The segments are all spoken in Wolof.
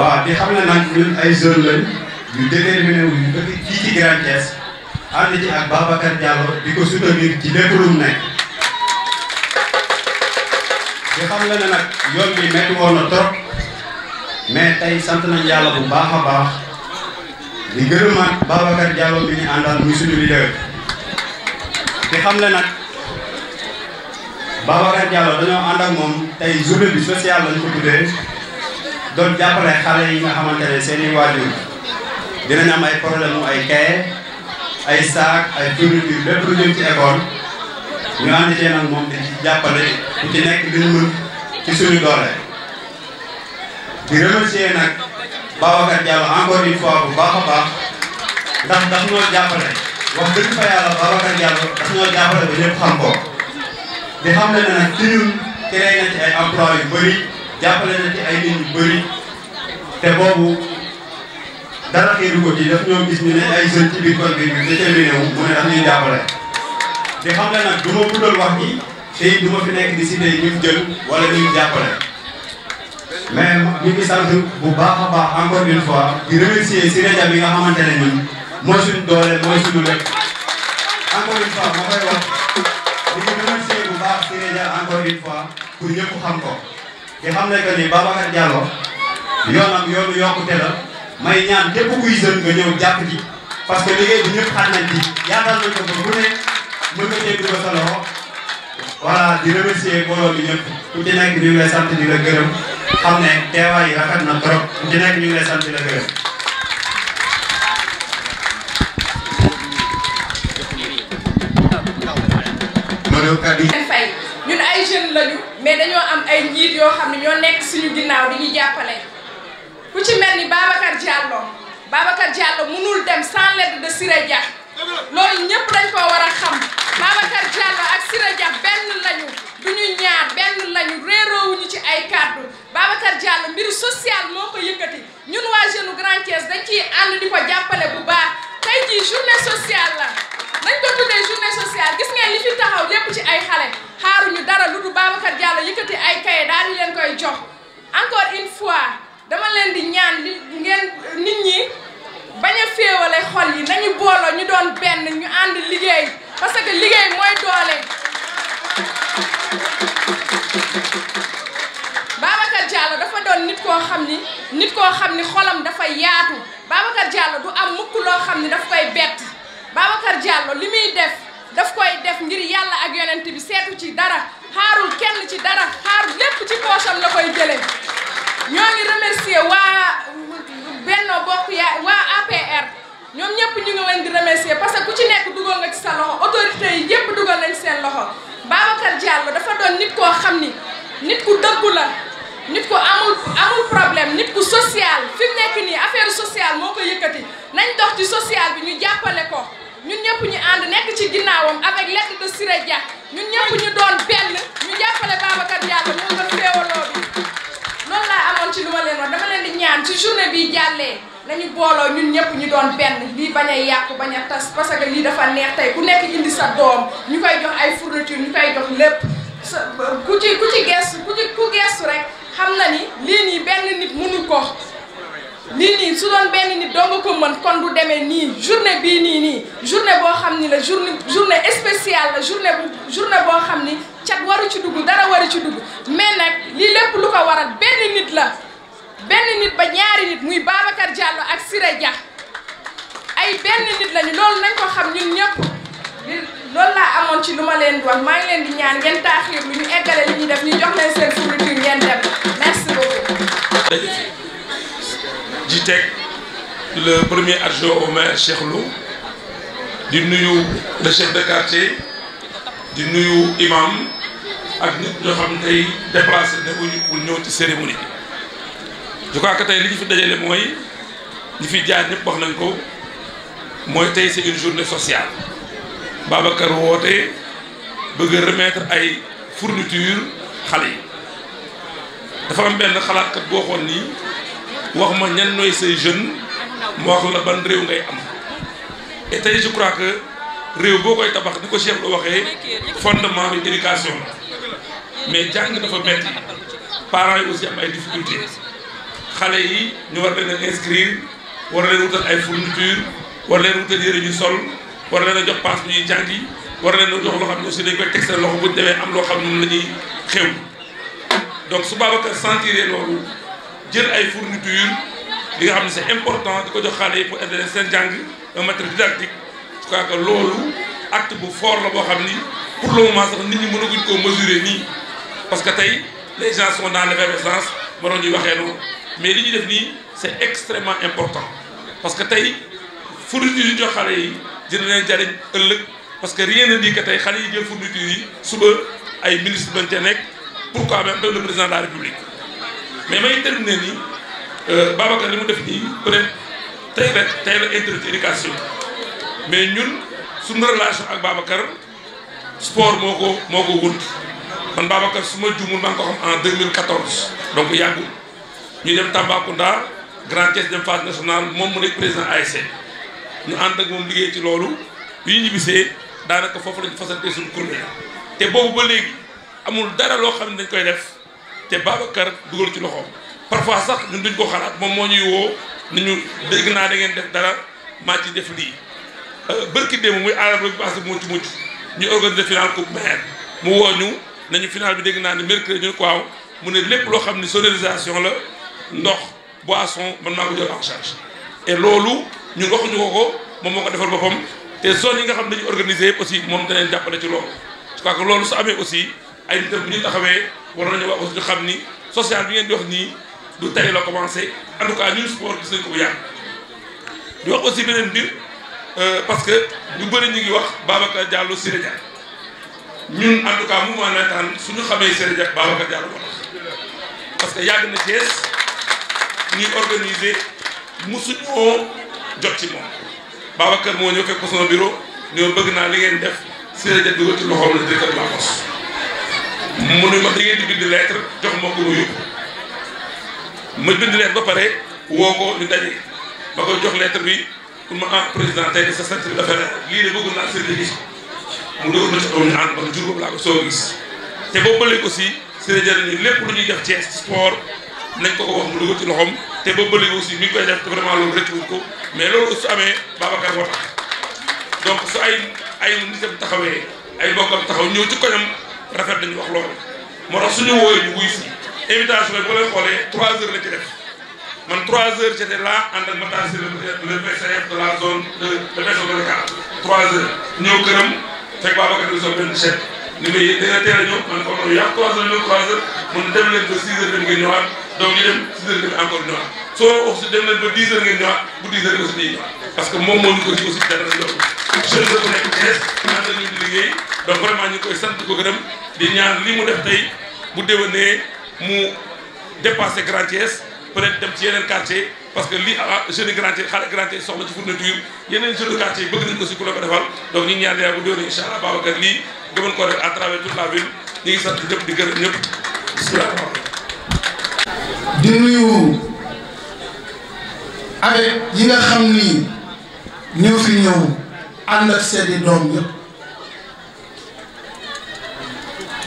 waaw te xam ne nag ñun ay jeunes lañ ñu déterminé wu ñu dëkk fii ci Grand Thiès ànd ci ak Babacar Diallo di ko soutenir ci lépp lu mu nekk. di xam ne nag yoon bi métti woon na trop tey sant nañ yàlla bu baax a baax di gërëmaat Babacar Diallo mi ñu àndal muy suñu di xam ne nag Babacar Diallo dañoo ànd moom tey journée bi sociale lañ ko doon jàppale xale yi nga xamante seeni waajur dinañ am ay problème mu ay kaye ay saak ay fourniture lépp lu jëm ci école ñu ànd cee nag moom di jàppale nekk luñ mën ci suñu doole di remercier nag Babacar Diallo encore une fois bu baax a baax ndax daf ñoo jàppale wax dëgg fa ba ñëpp di xam ne nag ci ñun créé na ci ay emploi yu bëri jàppale na ci ay nit yu bëri te boobu dara xiiru ko ci daf ñoo gis ne ay jeunes ci biir koñ bi bi déterminé wu mu ne daf ñuy jàppale xam ne nag du ma wax ji te it fi nekk di cité ñun jël wala ñun jàppale mais ñu ngi sant bu baax a baax encore une fois di remercier Siré Dia bi nga xamante ne ñun mooy suñu doole mooy suñu lépp encore une fois ma encore une fois pour xam ko di xam ne que ni Babacar Diallo yoonam yoonu yokkute la may ñaan képp kuy jeune nga ñëw jàpp ci parce que liggéey bi ñëpp xam nañ ci yaatal nañ ko ba ne mën nga cee dugal sa loxo voilà di remercier mbooloo mi ñëpp ku ci nekk ñu ngi lay sant di la gërëm xam ne teewaay yi rafet na ku ci nekk ñu ngi lay sant di la gërëm. Madou ay jeunes lañu mais dañoo am ay njiit yoo xam ne ñoo nekk suñu ginnaaw di ñu jàppale ku ci mel ni Babacar Diallo Babacar Diallo mënul dem sans l'aide de Siré Dia loolu ñëpp dañ ko war a xam Babacar Diallo ak Siré Dia benn lañu du ñu ñaar benn lañu réeroowuñu ci ay kàddu Babacar Diallo mbiru social moo ko yëkkati ñun waa jeune Grand Thiès dañ ciy ànd di ko jàppale bu baax tey jii journée sociale la nañ ko tuddee journée sociale gis ngeen li fi taxaw lépp ci ay xale. Babacar Diallo yëkkati ay kaye daal di leen koy jox encore une dama leen di ñaan li ngeen nit ñi bañ a féewale xol yi nañu booloo ñu doon benn ñu ànd liggéey parce que liggéey mooy doole. Babacar Diallo dafa doon nit koo xam ni xolam dafa yaatu Babacar Diallo du am mukk loo xam ni daf koy bett Babacar Diallo li muy def daf koy def ngir yàlla ak yonent bi seetu ci dara. xaarul kenn ci dara xaar lépp ci poosam la koy jële ñoo ngi remercier waa Benno Bokk Ya waa APR ñoom ñëpp ñu ngi leen di remercier parce que ku ci nekk dugal nga ci sa loxo autorité yi yëpp dugal nañ seen loxo Babacar Diallo dafa doon nit koo xam ni nit ku dëggu la nit ku amul amul problème nit ku social fi nekk nii affaire sociale moo ko yëkkati nañ dox ci social bi ñu jàppale ko ñun ñëpp ñu ànd nekk ci ginnaawam avec l'aide de Siré Dia ñun ñëpp ñu doon benn ñu jàppale Babacar Diallo moo gën féewaloo bi loolu laa amoon ci lu leen wax dama leen di ñaan ci journée bi jàllee nañu booloo ñun ñëpp ñu doon benn lii bañ a yàqu bañ a tas parce que lii dafa neex tey ku nekk indi sa doom ñu koy jox ay fourniture ñu koy jox lépp sa ku ci ku ci gestu ku ci ku gestu rek xam na ni lii nii benn nit mënu ko lii nii su doon benn nit dong ko mën kon du demee nii journée bii nii nii journée boo xam ni la journée journée spéciale la journée bu boo xam ni cat waru ci duggu dara waru ci dugg mais nag lii lépp lu ko waral benn nit la benn nit ba ñaari nit muy Babacar Diallo ak Siré Dia ay benn nit lañu loolu nañ ko xam ñun ñëpp loolu laa amoon ci lu ma leen di maa ngi leen di ñaan ngeen taaxiir lu ñu eggale li ñuy def ñu jox leen seen fourniture ngeen dem merci ji teg le premier adjoint au maire Cheikh di nuyu le chef de quartier di nuyu imam ak nit ñoo xam tey déplacé nañu pour ñëw ci cérémonie bi je crois que tey li ñu fi dajale mooy ñi fi jaar ñëpp wax nañ ko mooy tey c'est une journée sociale Babacar woote bëgg remetre ay fourniture xale yi dafa am benn xalaatkat boo nii wax ma ñan ñooy say jeunes ma wax la ban réew ngay am et tey je crois que réew boo koy tabax ni ko chef lu waxee fondement bi éducation mais jàng dafa metti parents yi aussi am ay difficultés xale yi ñu war leen a inscrire war leen wutal ay fourniture war leen wutal yére ñu sol war leen a jox paas bu ñuy jàngi war leen a jox loo xam ne aussi dañ koy teg loxo bu ñu demee am loo xam ne moom la ñuy donc su Babacar sentir loolu. jël ay fournitures li nga xam ne c'est important di ko jox xale yi pour aider seen jàng un matériel didactique je crois que loolu acte bu fort la boo xam ni pour le moment sax nit ñi mënaguñ koo mesurer nii parce que tey les gens sont dans l'effervescence mënoon ñuy waxee noonu mais li ñu def nii c'est extrêmement important parce que tey fournitures yi jox xale yi dina leen jariñ ëllëg parce que rien ne dit tey xale yi jël fournitures yi suba ay ministres bañ ca nekk pourquoi même le président de la république mais may terminer nii euh, Babacar li mu def nii peut être tey la tey la introduit mais ñun suñu relation ak Babacar sport moo ko moo ko wut man Babacar su ma juumul maa ngi ko xam en donc yàggul ñu dem Tambacounda Grand Thiès dem phase nationale moom mu nekk président ASC ñu ànd ak moom liggéey ci loolu bi ñu ñibbisee daanaka foofu lañu fasante suñu kuréel te boobu ba léegi amul dara loo xam ne dañ koy def. te Babacar dugal ci loxoom parfois sax ñun duñ ko xalaat moom moo ñuy woo ni ñu dégg naa da ngeen def dara maa ci def lii euh, bërki démb muy aarab bi passé bu mucc mucc ñu organiser final coupe maire mu woo ñu nañu final bi dégg naa ne mercredi ñu ko waaw mu ne lépp loo xam ni sonorisation la ndox boisson man maa ko jël en charge et loolu ñu waxuñu ko ko moom moo ko defal boppam te zone yi nga xam ne dañu organiser aussi moom danañ jàppale ci loolu su ay nitam bu ñu taxawee war nañu wax ñu xam ni sociale bi ngeen di wax nii du tey la commencé en tout cas ñun sport gis nañ ko bu yàgg di wax aussi beneen mbir euh, parce que ñu bëri ñu ngi wax Babacar Diallo Siré Dia ñun en tout cas mouvement navétane suñu xamee Siré Dia Babacar Diallo moo tax parce que yàgg na Thiès ñuy organiser musuñoo jot ci moom Babacar moo ñëw fekk ko sama bureau bëgg naa li ngeen def Siré Dia dugal ci loxoom la directeur de la mu ne ma da ngeen di bind lettre jox ma ko mu yóbbu ma bind lettre ba pare woo ko ñu daje ba koy jox lettre bi pour ma ah président tey de sa centre bi dafa lii de bëgg naa sëriñ bi mu doon na ci aw ñu ànd ba jur boobu laa ko soo gis te boobu ba léegi aussi sëriñ Jalle lépp lu ñuy def ci sport nañ ko ko wax mu dugal ci loxom te boo ba léegi aussi mi ngi koy def vraiment loolu rëccu ko mais loolu su amee ba moo tax donc su ay ay nitam taxawee ay mbokkam taxaw ñëw ci koñam. rafet nañu wax loolu moo tax suñu wooyee ñu wuy si invitation bi bu leen xoolee trois heures la ci man trois heures j'étais là ànd ak Matar Sy le VCF de la zone de VCF de Dakar trois heures ñëw këram fekk Babacar Diop benn chef ni ma yéen dina teel a ñëw man comme yow yaa trois heures ñëw trois heures mun dem leen ba six heures dem ngeen ñëwaat donc ñu dem six heures dem encore soo aussi dem parce que moom moo ñu ko di aussi dara la ñu def naan vraiment ñu koy sant ko gërëm di ñaan li mu def tey bu déwénee mu dépassé dem ci yeneen quartier parce que li ah jeune Grand Thiès xale Grand Thiès soxla ci fourniture yeneen yi à travers toute la ville ñu ngi sant ñëpp di nga xam ni ñoo fi ñëw. ànd ak seeni doom yëpp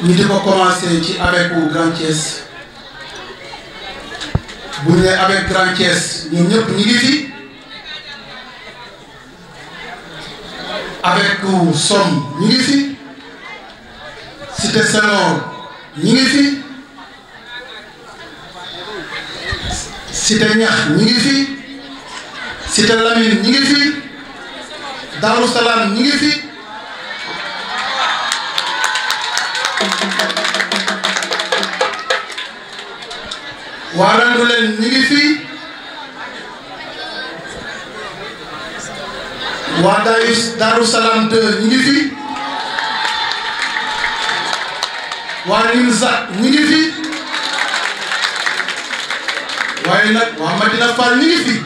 ñu di ko commencé ci avec wu Grand Thiès bu ñu nee avec Grand Thiès ñun ñëpp ñu ngi fi avec wu Somme ñu ngi fi Cité Senghor ñu ngi fi Cité Ñax ñu ngi fi Cité Lamine ñu ngi fi. Daaru Salaam ñi ngi fi waalandu leen ñi ngi fi waa dayu Daaru ngi fi ñi ngi fi Madina Fall ñi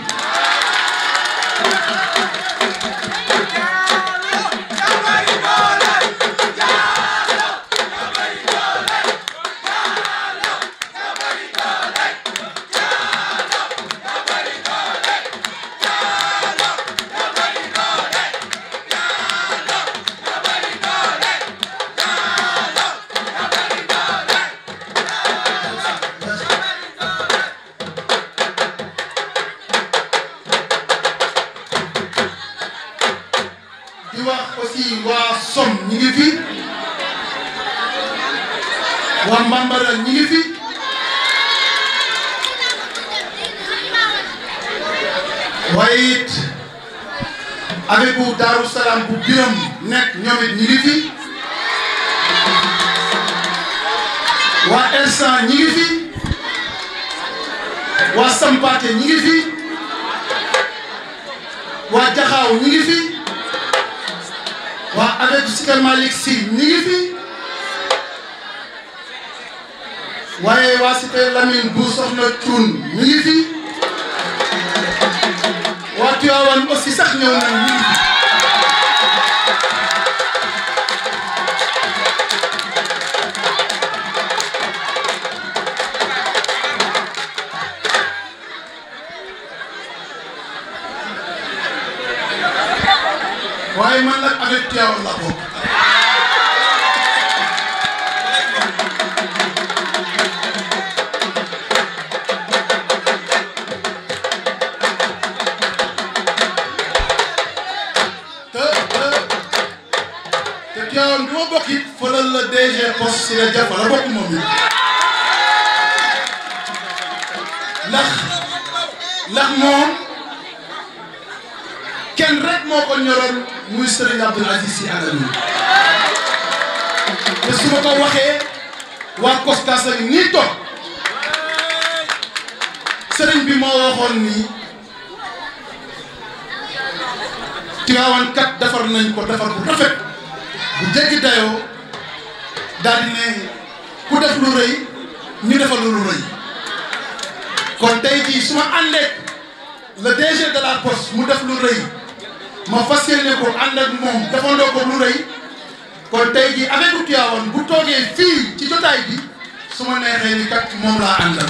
nekk ñoom it waa Elsan ñi ngi fi waa Sampaate ñi ngi fi waa Jaxaaw ñi ngi fi waa avec Sikal Malick Sy ñi ngi waaye waa Cité Lamine bu Soxna Cuun ñi ngi fi waa Tiwaawan sax ñëw nañ avec Tivaouane laa bokk. te te Tivaouane bi ma bokk it fële la DG poste si la jàpp la bokk moom it ndax ndax moom kenn rek moo ko ñoroon. muy Serigne Abdoul Aziz Sy Al te su ma ko waxee waa Costas la nii toog Serigne bi moo waxoon nii Tivaouane defar nañ ko defar bu rafet bu jéggi dayoo daal di ne ku def lu rëy ñu defal lu rëy kon tey jii su ma àndee le DG de la poste mu def lu rëy. ma fas yéene ko ànd ak moom defandoo ko lu rëy kon tey jii avec Tivaouane bu toogee fii ci jotaay bi su ma neexee ni kat moom laa àndal.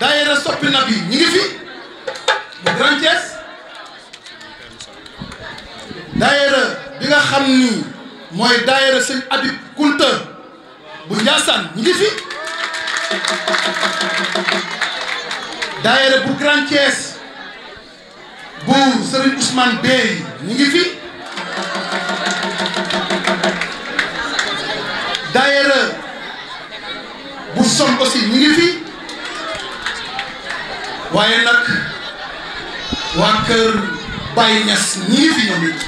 daayira soppi na bi ñu ngi fi bu Grand Thiès daayira bi nga xam ni mooy daayira sëñ Abib Kunta bu Ndiassane ñu fi daayira bu Grand Thiès. bu Serigne Ousmane Bey ñu ngi fi daayira bu son aussi ñu ngi fi waaye nag waa kër Baye Niass ñi ngi fi ñoom it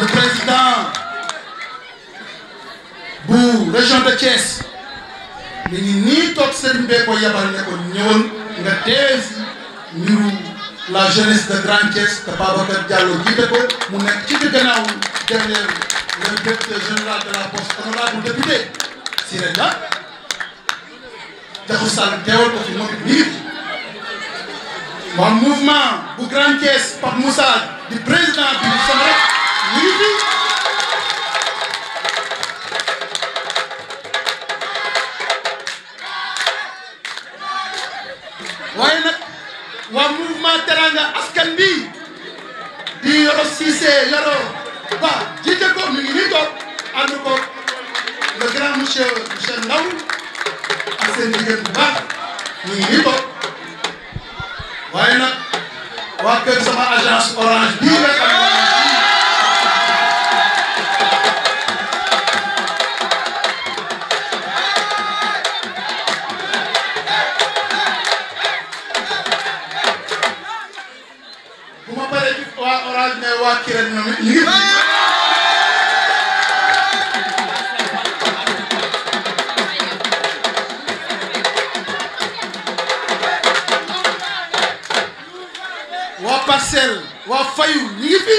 le président bu région de Thiès mi ngi nii toog Serigne Bey ko yabal ne ko ñëwal nga tees mbiru la jeunesse de Grand Thiès te Babacar Diallo jiite mu nekk ci gannaaw derrière le directeur général de la poste honorable député Siré Dia Jaxu Sall teewal ko fi moom it nii waa mouvement bu Grand Thiès Pape Moussa di président bi sama rek nii waa teranga askan bi di Yoro Cissé Yoro Ba jiite ko mi ngi nii toog ànd ko le grand monsieur monsieur Ndaw ak seen jigéen bu baax mi ngi nii toog waaye bu ma paree ci waa Orange mais waa Kirène ñoom it ñu ngi waa Parcelles waa Fayu ñu ngi fi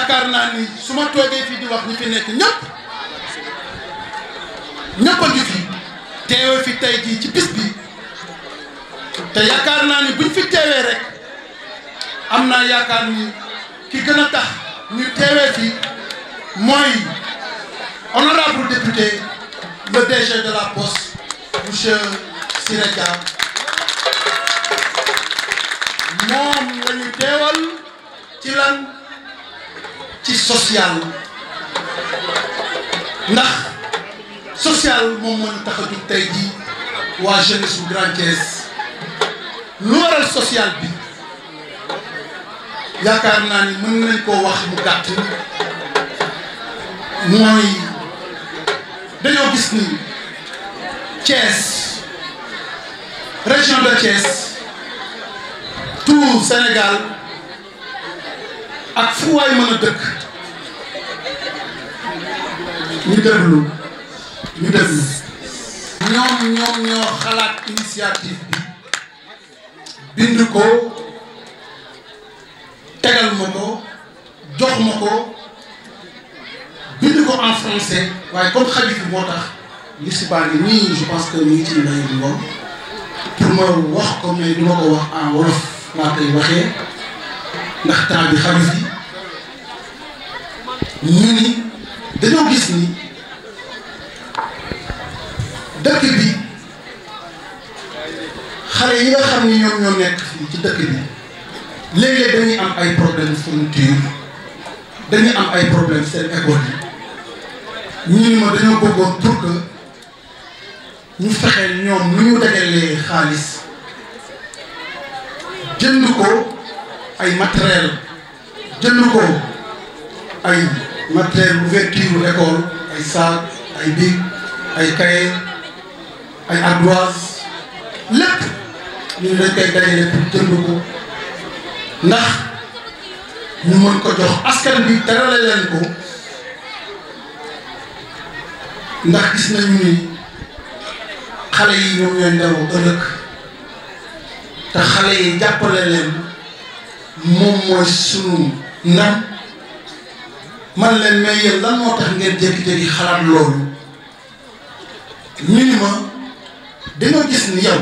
yaakaar naa ni su ma toogee fii di wax ñi fi nekk ñëpp ñëpp ci bis bi te yaakaar naa ni buñ fi teewee rek am naa yaakaar ni ki gën a tax ñu teewee fi mooy honorable député le DG de la Poste monsieur Siré Dia moom la ñu teewal ci lan ci social ndax social moom moo ñu tax tey jii waa jeunesse bu Grand Thiès lu waral social bi yaakaar naa ni mën nañ koo wax mu gàtt mooy dañoo gis ni Thiès région de Thiès tout Sénégal. ak fu waay mën a dëkk ñu déglu ñu déglu ñoom ñoom ñoo xalaat initiative bi bind ko tegal ma ko jox ma ko bind ko en français waaye comme xajut moo tax li si baa nii je pense que ñu ngi ci moom pour wax ko mais du ko wax en wolof laa koy waxee ndax temps bi yi. ñu dañoo gis ni dëkk bi xale yi nga xam ni ñoom ñoo nekk fii ci dëkk bi léeg dañuy am ay problème fourniture dañuy am ay problème seen école yi ñu ma dañoo bëggoon pour que ñu fexeel ñoom nu ñu dajalee xaalis jënd ko ay matériel jënd ko ay matériel ouverture u école ay saag ay bic ay cahier ay ardoise lépp ñun dañ koy dajale pour jënd ko ndax ñu mën ko jox askan bi terale leen ko ndax gis nañu ni xale yi ñoom ñooy ndaw ëllëg te xale yi jàppale leen moom mooy sunu ndam man leen mais yéen lan moo tax ngeen jékki-jékki xalaat loolu ñu ni ma dañoo gis ni yow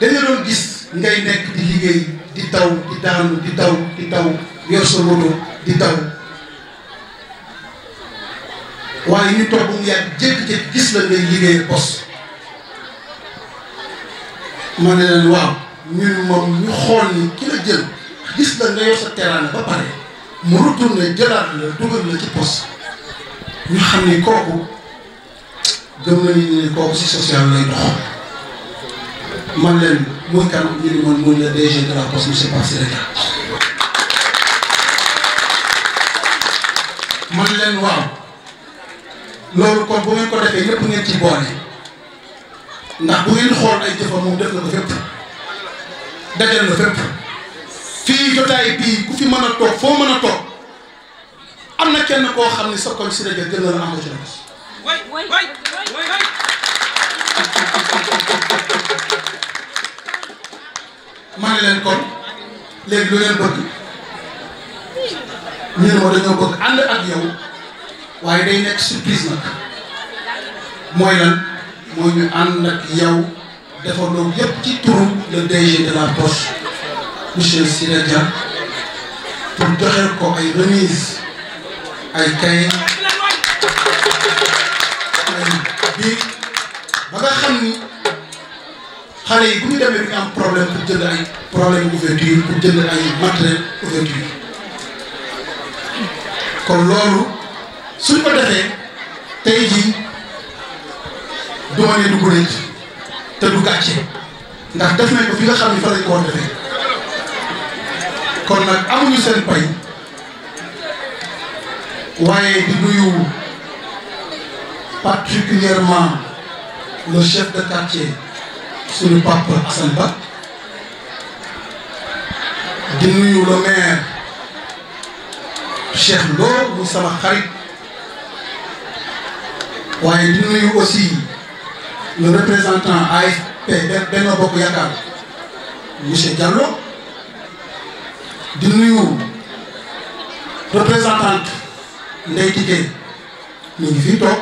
dañoo doon gis ngay nekk di liggéey di taw di daanu di taw di taw yor sa moto di taw waaye ñu toog mu yàgg jékki-jékki gis la ngay liggéey pos ma ne leen waaw ñun moom ñu xool ni ki la jël gis la nga yor sa teraanga ba pare mu retourné jëlaat la dugal la ci pos ñu xam ni kooku gëm nañu ne kooku si social lay dox man leen muy kan ñu ni man muy le DG de la poste monsieur Pape Siré man leen waaw loolu kon bu ngeen ko defee ñëpp ngeen ci boole ndax bu ngeen xool ay jëfam moom def na ko fépp dajal na fépp fii jotaay bii ku fi mën a toog foo mën a toog am na kenn koo xam ni sa koñ si rajo gën na la amoo ci leen kon léegi lu ngeen bëgg ñu ne dañoo bëgg ànd ak yow waaye day nekk surprise nag mooy lan mooy ñu ànd ak yow defandoo yépp ci turu le DG de la poste monsieur Siré Dia pour joxeel ko ay remise ay kay ay ba nga xam ni xale yi bu ñu demee bi am problème pour jënd ay problème ouverture pour jënd ay matériel ouverture kon loolu suñ ko defee tey jii duma ne dugg nañ te du gàcce ndax def nañ ko fi nga xam ni fa lañ defee kon nag amuñu seen pay waaye di nuyu particulièrement le chef de quartier suñu Pape Assane Ba di nuyu le maire Cheikh Lo muy sama xarit waaye di nuyu aussi le représentant AFP Benno Bokk Yaakaar monsieur Diallo di nuyu représentante Ndeye Tické ngi fii toog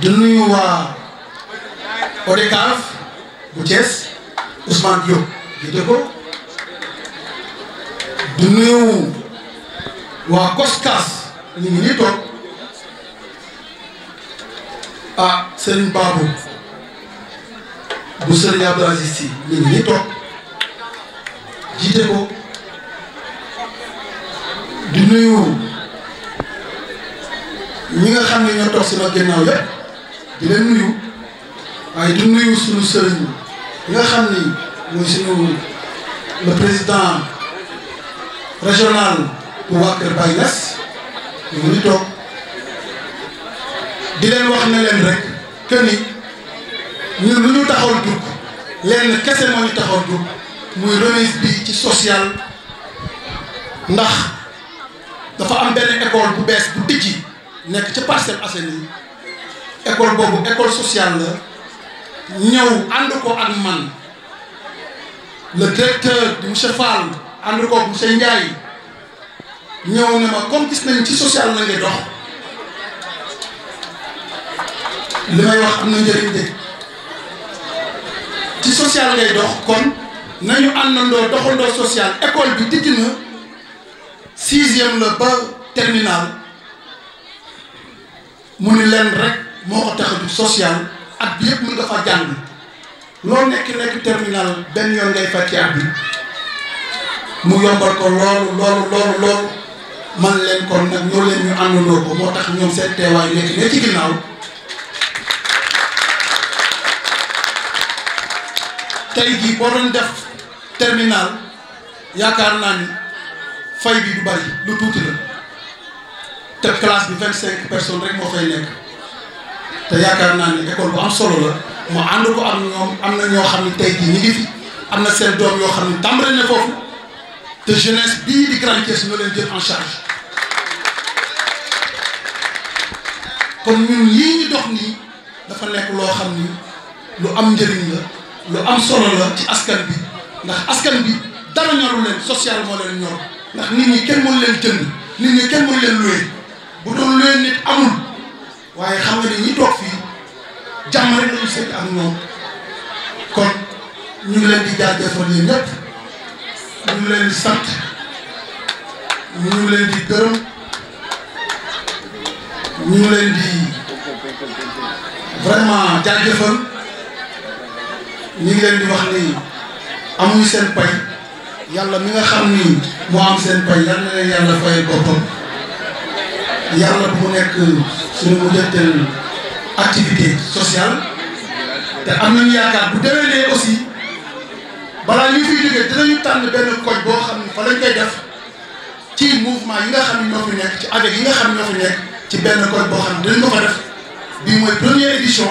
di nuyu waa ODCAV bu Thiès Ousmane Diop jiite ko di nuyu waa COSCAS ñu ngi nii toog ah Serigne Babou bu Serigne Abdou Aziz Sy ñu ngi nii toog. jiite ko di nuyu ñi nga xam ne ñoo toog sama ginnaaw yépp di leen nuyu waaye di nuyu suñu sëriñ ñi nga xam ni mooy suñu le président régional bu waa Kër Baye Niass ñu ngi toog di leen wax ne leen rek que ni ñun lu ñu taxaw dugg lenn kese moo ñu taxaw dugg. muy remise bi ci social ndax dafa am benn école bu bees bu tijji nekk ca Parcelles Assainies école boobu école sociale la ñëw ànd ko ak man le directeur di monsieur Fall ànd ko ak monsieur Ndiaye ñëw ne ma comme gis nañ ci social la ngay dox li may wax am na njëriñ de ci social ngay dox kon. nañu àndandoo doxandoo social école bi tijji na sixième la ba terminal mu ni leen rek moo ko tax a jug social at bi yëpp mën nga fa jàng loo nekk nekk terminal benn yoon ngay fàcc at bi mu yombal ko loolu loolu loolu loolu man leen kon nag ñoo leen ñu àndandoo ko moo tax ñoom seen teewaay nekk ne ci ginnaaw tey jii boo def terminal yaakaar naa ni fay bi du bari lu tuuti la te classe bi vingt cinq personnes rek moo fay nekk te yaakaar naa ni école bu am solo la mu ànd ko am ñoom am na ñoo xam ne tey jii ñu ngi am na seen doom yoo xam ne tàmbale na foofu te jeunesse bii di Grand Thiès ñoo leen jël en charge kon ñun lii ñu dox nii dafa nekk loo xam ni lu am njëriñ la lu am solo la ci askan bi ndax askan bi dara ñoru leen social moo leen ñor ndax nit ñi kenn mënu leen jënd nit ñi kenn mënu leen luye bu doon luye nit amul waaye xam nga ni ñi toog fii jàmm rek lañu seet ak ñoom kon ñu ngi leen di jaajëfal yi ñëpp ñu leen di sant ñu ngi leen di gërëm ñu ngi leen di vraiment jaajëfal ñu ngi leen di wax ni. amuñu seen pay yàlla mi nga xam ni moo am seen pay yal na leen yàlla fayal boppam yàlla bu mu nekk suñu mujjanteel activité sociale te am nañu yaakaar bu déwénee aussi balaa ñu fiy jógee dinañu tànn benn koñ boo xam ne fa lañ koy def ci mouvement yi nga xam ne ñoo fi nekk ci avec yi nga xam ne ñoo fi nekk ci benn koñ boo xam ne dinañ ko fa def bii mooy première édition.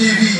TV